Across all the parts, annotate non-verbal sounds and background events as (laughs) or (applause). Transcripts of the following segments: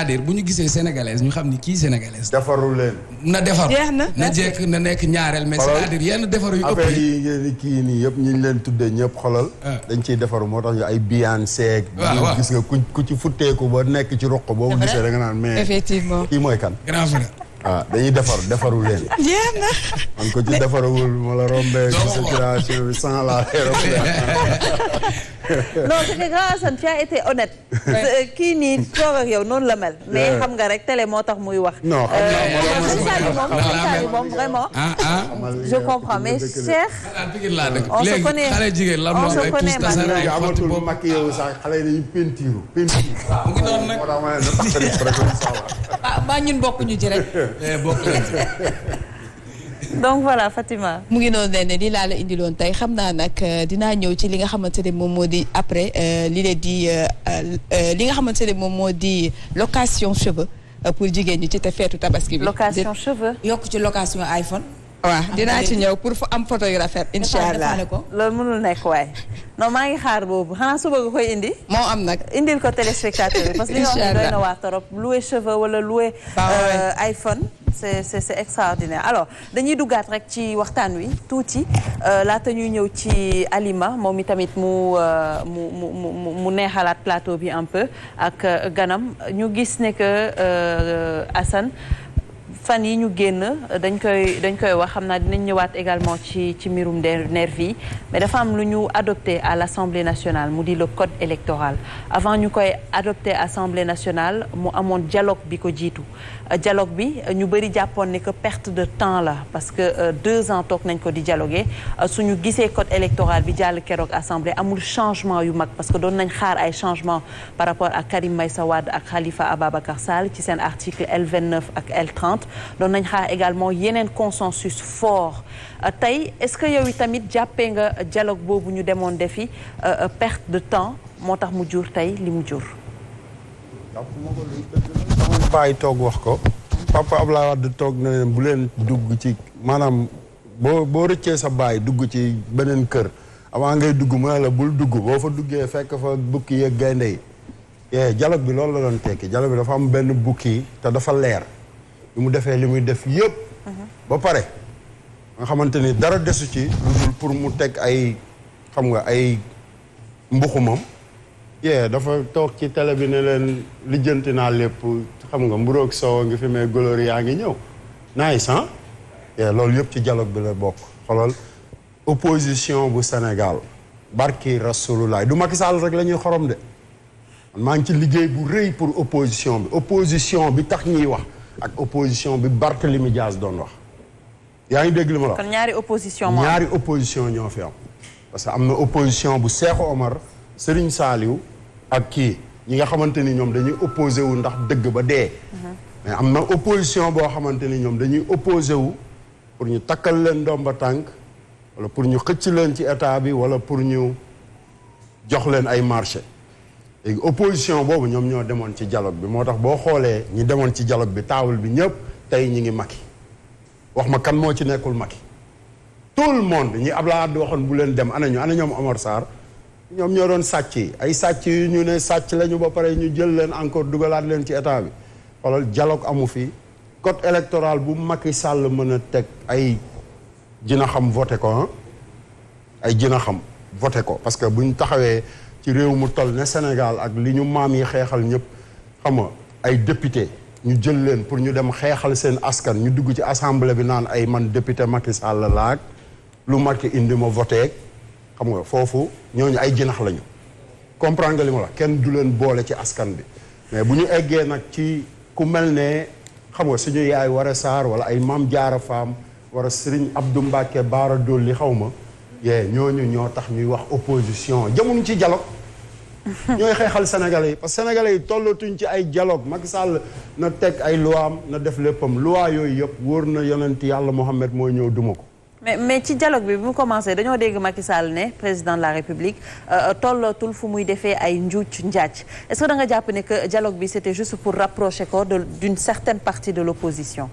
cest bu ñu gisee sénégalaise ñu xam ni kii sénégalaise. defaru leen. na defar na na na nekk ñaareel mais cest à yenn defaru yu ëpp yi ngeen kii nii yëpp ñu leen tuddee ñëpp xolal ah. dañ ciy defaru moo tax yu ay biyaan ah, seeg waaw gis nga ku ci futteeku ba nekk ci ruq boobu gisee da nga naan mais effectivement kii mooy kan grand frère ah, dañuy defar defaru leen. jeex na. man la rombee. (laughs) (laughs) (laughs) non c'est que grand Assane tu honnête. kii nii toog yow noonu la mel. mais xam nga rek télé moo tax muy wax. non xam moom vraiment. je comprends mais Cheikh. on se connaît on se connaît man. ah ba ñun bokkuñu ci donc voilà Fatima. mu ngi noonu lenn li laa la indiloon tey xam naa nag euh, dinaa ñëw ci li nga xamante ne moom moo di après euh, li leen di euh, li nga xamante ne moom moo di location cheveux pour jigéen ñi ci te feetu tabaski bi. location cheveux. yokk ci location iPhone. Ah, waaw dinaa ci ñëw pour fu am photo yu rafet. incha allah loolu mënul nekk waaye. non maa ngi xaar boobu xanaa suba nga koy indi. moo am nag indil ko téléspectateur parce que li nga wax na waa torop louer cheveux wala louer iPhone. c'est c'est c'est extraordinaire alors dañuy duggaat rek ci waxtaan wi tuuti euh, laata ñuy ñëw ci Alima moom i tamit euh, mu mu mu mu mu neexalaat plateau bi un peu ak euh, ganam ñu gis ne que Assane. fan yi ñu génn dañ koy dañ koy wax xam naa dinañ ñëwaat également ci ci mbirum nervi yi mais dafa am lu ñu adopté à l'Assemblée nationale mu di le code électoral avant ñu koy adopté Assemblée nationale mu amoon dialogue bi ko jiitu euh, dialogue bi euh, ñu bëri jàppoon ne que perte de temps la parce que euh, deux ans toog nañ ko di dialoguer ñu gisee code électoral bi jàll keroog Assemblée amul changement yu mag parce que doon nañ xaar ay changement par rapport ak Karim Meïssa Wade ak Khalifa Ababacar Sall ci seen article L29 ak l doon nañ xaar également yeneen consensus fort euh, tey est-ce que yow tamit jàppee nga jaloog boobu ñu demoon defi euh, euh, perte de temps moo tax mu jur tey li mu jur. sama bàyyi toog wax ko. papa Abdoulaye Wade toog na leen bu leen dugg ci maanaam boo boo rëccee sa baay dugg ci beneen kër avant ngay dugg mu la bul dugg boo fa duggee fekk fa bukki yeeg gaynde yi. Eh, dialogue bi loolu la doon tekki dialogue bi dafa am benn bukki te dafa leer. bi mu defee li muy def yëpp. ba pare nga xamante ni dara desu ci. pour mu teg ay xam nga ay mbuxumam. yee dafa toog ci télé bi ne leen lijjanti naa lépp xam nga mburoog soow ngi fi mais goloor yaa ngi ñëw. nice ah. yee loolu yëpp ci dialogue bi la bokk xoolal opposition bu Sénégal. barki rasulullah du Macky Sall rek lañuy xorom de. maa ngi ci liggéey bu rëy pour opposition bi opposition bi tax ñuy wax. ak opposition bi Barthélemy Dias doon wax yaa ngi dégg li ma la ñaari opposition moo ñaari opposition ñoo fi am. parce que am na opposition bu Cheikh Omar Serigne Saliou ak kii ñi nga xamante ni ñoom dañuy opposé wu ndax dëgg ba dee. Mhm. mais am na opposition boo xamante ni ñoom dañuy opposé wu pour ñu takkal leen doom ba tànk wala pour ñu xëcc leen ci état bi wala pour ñu jox leen ay marché. léegi opposition boobu ñoom ñoo demoon ci dialogue bi moo tax boo xoolee ñi demoon ci dialogue bi taawul bi ñëpp tey ñi ngi Macky wax ma kan moo ci nekkul Macky tout le monde ñi Abdoulaye Wade waxoon bu leen dem ana ñu ana ñoom Omar ñoom ñoo doon sàcc yi ay sàcc yu ñu ne sàcc lañu ba pare ñu jël leen encore dugalaat leen ci état bi xoolal dialogue amu fi code électoral bu Macky sàll mën a teg ay dina xam voté ko ah. ay dina xam voté ko parce que buñ taxawee. ci réew mu toll ne Sénégal ak li ñu maam yi xeexal ñëpp xam nga ay député ñu jël leen pour ñu dem xeexal seen askan ñu dugg ci assemblée bi naan ay man député Macky Sall laag lu Macky indi ma voté xam nga foofu ñooñu ay jinax lañu comprendre nga li ma la kenn du leen boole ci askan bi mais bu ñu eggee nag ci ku mel ne xam nga suñu yaay war a saar wala ay maam jaara faam war a ab du Mbacke Baara Dolli xaw ma. yee ñooñu ñoo tax ñuy wax opposition jamuñ ci dialogue (laughs) ñooy xeexal sénégalais yi parce que sénégalais yi tollatuñ ci ay dialogue Macky Sall na teg ay luwaam na def léppam loi yooyu yëpp wóor na yonent yàlla Mohammed mooy ñëw duma ko mais mais ci dialogue bi bu mu commencé dañoo dégg Macky Sall ne président de la République euh, euh, tollootul fu muy defee ay njuuc njaac est-ce que da nga jàpp ne que dialogue bi c'était juste pour rapprocher ko d'une certaine partie de l'opposition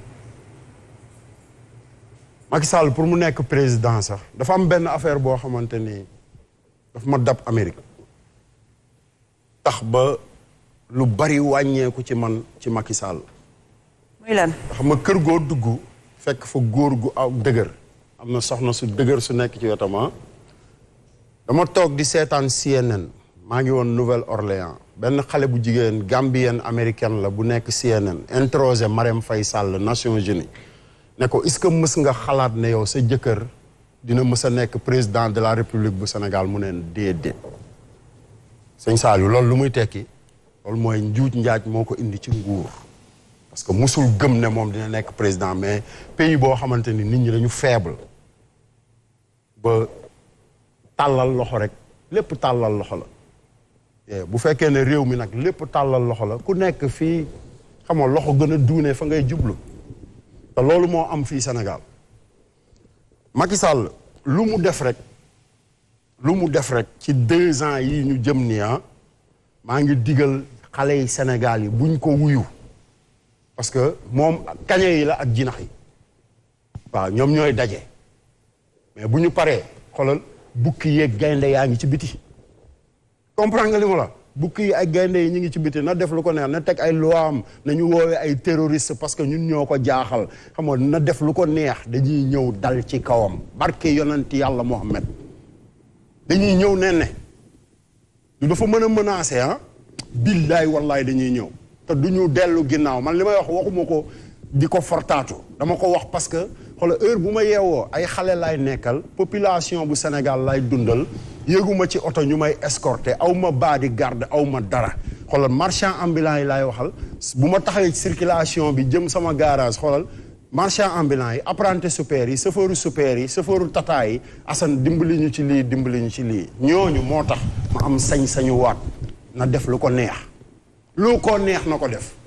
Macky Sall pour mu nekk président sax dafa am benn affaire boo xamante ni dafa ma dab Amérique tax ba lu bari wàññeeku ci man ci Macky Sall. muy lan xam nga kër goo dugg fekk fa góor gu aw dëgër am na soxna su dëgër su nekk ci wetam ah. dama toog di seetaan CNN maa ngi woon Nouvelle-Orléans benn xale bu jigéen gambienne américaine la bu nekk CNN introsé Marème fay Sall Nations Unies ne ko est-ce que mës nga xalaat ne yow sa jëkkër dina mës a nekk président de la république bu Sénégal mu neen déedéet sëñ saalu lool lu muy tekki loolu mooy njuuj njaaj moo ko indi ci nguur parce que musul gëm ne moom dina nekk président mais pays boo xamante ni nit ñi lañu faible ba tàllal loxo rek lépp tàllal loxo la bu fekkee ne réew mi nag lépp tàllal loxo la ku nekk fii xam loxo gën a duune fa ngay jublu loolu moo am fii Sénégal Macky lu mu def rek lu mu def rek ci deux ans yi ñu jëm ni ah maa ngi digal xale yi Sénégal yi buñ ko wuyu parce que moom kañe yi la ak jinax yi waaw ñoom ñooy daje mais bu ñu paree xoolal bukki yeeg gaynde yaa ngi ci biti comprendre nga li mu la bukki yi ak gaynde yi ñu ngi ci biti na def lu ko neex na teg ay loi am nañu woowee ay terroriste parce que ñun ñoo ko jaaxal xamoon nga na def lu ko neex dañuy ñëw dal ci kawam barke yonent yàlla Muhammad dañuy ñëw ne ne lu dafa mën a menacé ah billaay wallaay dañuy ñëw te du ñu dellu ginnaaw man li may wax waxuma ko di ko fortaatu dama ko wax parce que xoolal heure bu ma yeewoo ay xale laay nekkal population bu Sénégal laay dundal yéguma ci oto ñu may escorté aw ma baadi garde aw ma dara xoolal marchand ambulant yi laay waxal bu ma taxawee circulation bi jëm sama garage xolal marchand ambulant yi apprenti super yi chauffeur super yi chauffeur tata yi Assane dimbali ñu ci lii dimbali ñu ci lii ñooñu moo tax ma am sañ-sañu waat na def lu ko neex lu ko neex na ko def